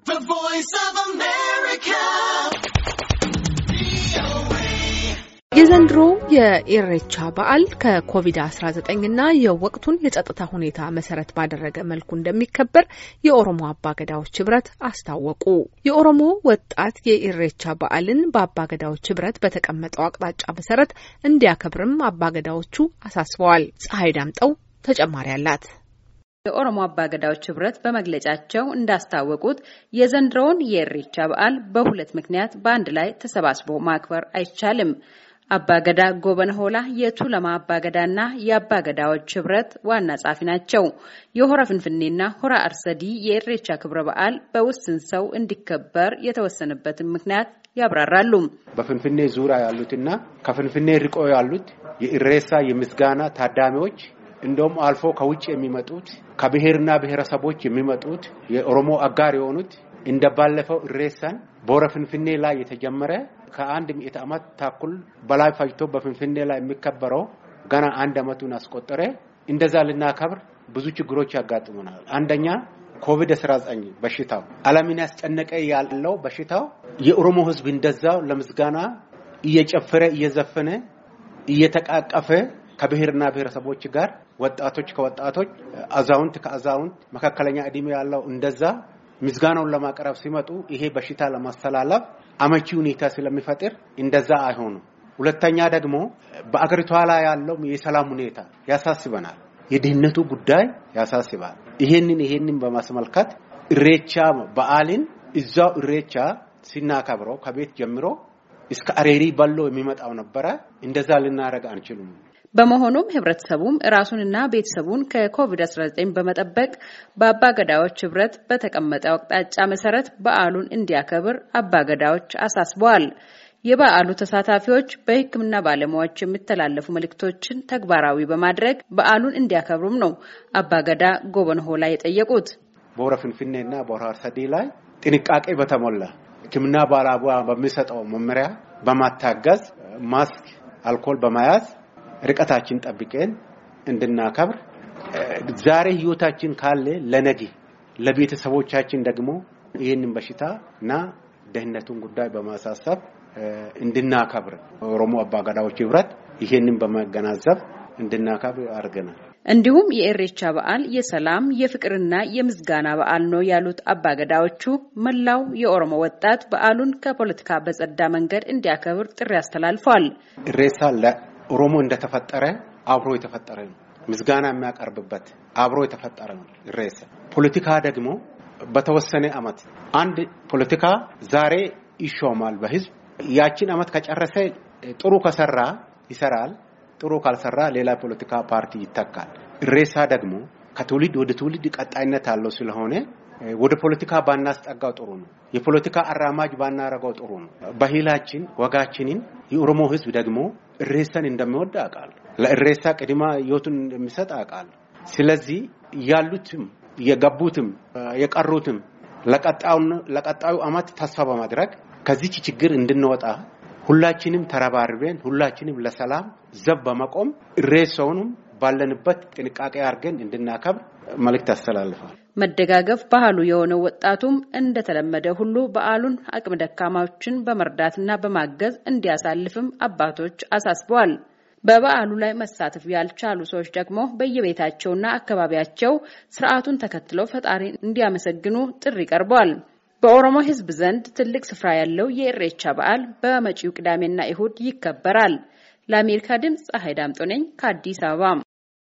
The Voice of America. የዘንድሮ የኢሬቻ በዓል ከኮቪድ-19 እና የወቅቱን የጸጥታ ሁኔታ መሰረት ባደረገ መልኩ እንደሚከበር የኦሮሞ አባገዳዎች ህብረት አስታወቁ። የኦሮሞ ወጣት የኢሬቻ በዓልን በአባገዳዎች ህብረት በተቀመጠው አቅጣጫ መሰረት እንዲያከብርም አባገዳዎቹ አሳስበዋል። ፀሐይ ዳምጠው ተጨማሪ አላት። የኦሮሞ አባገዳዎች ህብረት በመግለጫቸው እንዳስታወቁት የዘንድሮውን የእሬቻ በዓል በሁለት ምክንያት በአንድ ላይ ተሰባስቦ ማክበር አይቻልም። አባገዳ ጎበነ ሆላ የቱለማ አባገዳና የአባገዳዎች ህብረት ዋና ጸሐፊ ናቸው። የሆረ ፍንፍኔና ሆረ አርሰዲ የእሬቻ ክብረ በዓል በውስን ሰው እንዲከበር የተወሰነበትን ምክንያት ያብራራሉ። በፍንፍኔ ዙሪያ ያሉትና ከፍንፍኔ ርቆ ያሉት የእሬሳ የምስጋና ታዳሚዎች እንደውም አልፎ ከውጭ የሚመጡት ከብሔርና ብሔረሰቦች የሚመጡት የኦሮሞ አጋር የሆኑት እንደባለፈው እሬሳን ቦረ ፍንፍኔ ላይ የተጀመረ ከአንድ ምዕተ ዓመት ታኩል በላይ ፈጅቶ በፍንፍኔ ላይ የሚከበረው ገና አንድ ዓመቱን አስቆጠረ። እንደዛ ልናከብር ብዙ ችግሮች ያጋጥሙናል። አንደኛ ኮቪድ 19 በሽታው ዓለምን ያስጨነቀ ያለው በሽታው የኦሮሞ ሕዝብ እንደዛው ለምስጋና እየጨፈረ እየዘፈነ እየተቃቀፈ ከብሔርና ብሔረሰቦች ጋር ወጣቶች ከወጣቶች፣ አዛውንት ከአዛውንት፣ መካከለኛ እድሜ ያለው እንደዛ ምስጋናውን ለማቅረብ ሲመጡ ይሄ በሽታ ለማስተላለፍ አመቺ ሁኔታ ስለሚፈጥር እንደዛ አይሆኑም። ሁለተኛ ደግሞ በአገሪቷ ላይ ያለው የሰላም ሁኔታ ያሳስበናል። የድህነቱ ጉዳይ ያሳስባል። ይሄንን ይሄንን በማስመልከት እሬቻ በዓልን እዛው እሬቻ ሲናከብረው ከቤት ጀምሮ እስከ አሬሪ በሎ የሚመጣው ነበረ። እንደዛ ልናደርግ አንችሉም። በመሆኑም ህብረተሰቡም ራሱንና ቤተሰቡን ከኮቪድ-19 በመጠበቅ በአባገዳዎች ህብረት በተቀመጠው አቅጣጫ መሰረት በዓሉን እንዲያከብር አባገዳዎች አሳስበዋል። የበዓሉ ተሳታፊዎች በሕክምና ባለሙያዎች የሚተላለፉ መልእክቶችን ተግባራዊ በማድረግ በዓሉን እንዲያከብሩም ነው አባገዳ ጎበን ሆላ የጠየቁት። በወረ ፍንፍኔና በወረ አርሰዴ ላይ ጥንቃቄ በተሞላ ሕክምና ባለሙያ በሚሰጠው መመሪያ በማታገዝ ማስክ፣ አልኮል በመያዝ ርቀታችን ጠብቀን እንድናከብር ዛሬ ህይወታችን ካለ ለነገ ለቤተሰቦቻችን ደግሞ ይህንን በሽታ እና ደህንነቱን ጉዳይ በማሳሰብ እንድናከብር ኦሮሞ አባገዳዎች ህብረት ይህንን በማገናዘብ እንድናከብር አድርገናል። እንዲሁም የኤሬቻ በዓል የሰላም የፍቅርና የምስጋና በዓል ነው ያሉት አባገዳዎቹ መላው የኦሮሞ ወጣት በዓሉን ከፖለቲካ በጸዳ መንገድ እንዲያከብር ጥሪ አስተላልፏል። እሬሳ ኦሮሞ እንደተፈጠረ አብሮ የተፈጠረ ነው። ምስጋና የሚያቀርብበት አብሮ የተፈጠረ ነው። ሬሰ ፖለቲካ ደግሞ በተወሰነ አመት አንድ ፖለቲካ ዛሬ ይሾማል በህዝብ ያችን አመት ከጨረሰ ጥሩ ከሰራ ይሰራል፣ ጥሩ ካልሰራ ሌላ ፖለቲካ ፓርቲ ይተካል። ሬሳ ደግሞ ከትውልድ ወደ ትውልድ ቀጣይነት አለው ስለሆነ ወደ ፖለቲካ ባናስጠጋው ጥሩ ነው። የፖለቲካ አራማጅ ባናረገው ጥሩ ነው። ባህላችን ወጋችንን የኦሮሞ ህዝብ ደግሞ እሬሳን እንደሚወድ አውቃል። ለእሬሳ ቅድማ ህይወቱን እንደሚሰጥ አውቃል። ስለዚህ ያሉትም የገቡትም የቀሩትም ለቀጣዩ አመት ተስፋ በማድረግ ከዚች ችግር እንድንወጣ ሁላችንም ተረባርበን ሁላችንም ለሰላም ዘብ በመቆም እሬሳውንም ባለንበት ጥንቃቄ አድርገን እንድናከብር መልእክት ያስተላልፋል። መደጋገፍ ባህሉ የሆነው ወጣቱም እንደተለመደ ሁሉ በዓሉን አቅም ደካማዎችን በመርዳትና በማገዝ እንዲያሳልፍም አባቶች አሳስበዋል። በበዓሉ ላይ መሳተፍ ያልቻሉ ሰዎች ደግሞ በየቤታቸውና አካባቢያቸው ስርዓቱን ተከትለው ፈጣሪ እንዲያመሰግኑ ጥሪ ቀርበዋል። በኦሮሞ ሕዝብ ዘንድ ትልቅ ስፍራ ያለው የእሬቻ በዓል በመጪው ቅዳሜና እሁድ ይከበራል። ለአሜሪካ ድምፅ ፀሐይ ዳምጦ ነኝ ከአዲስ አበባ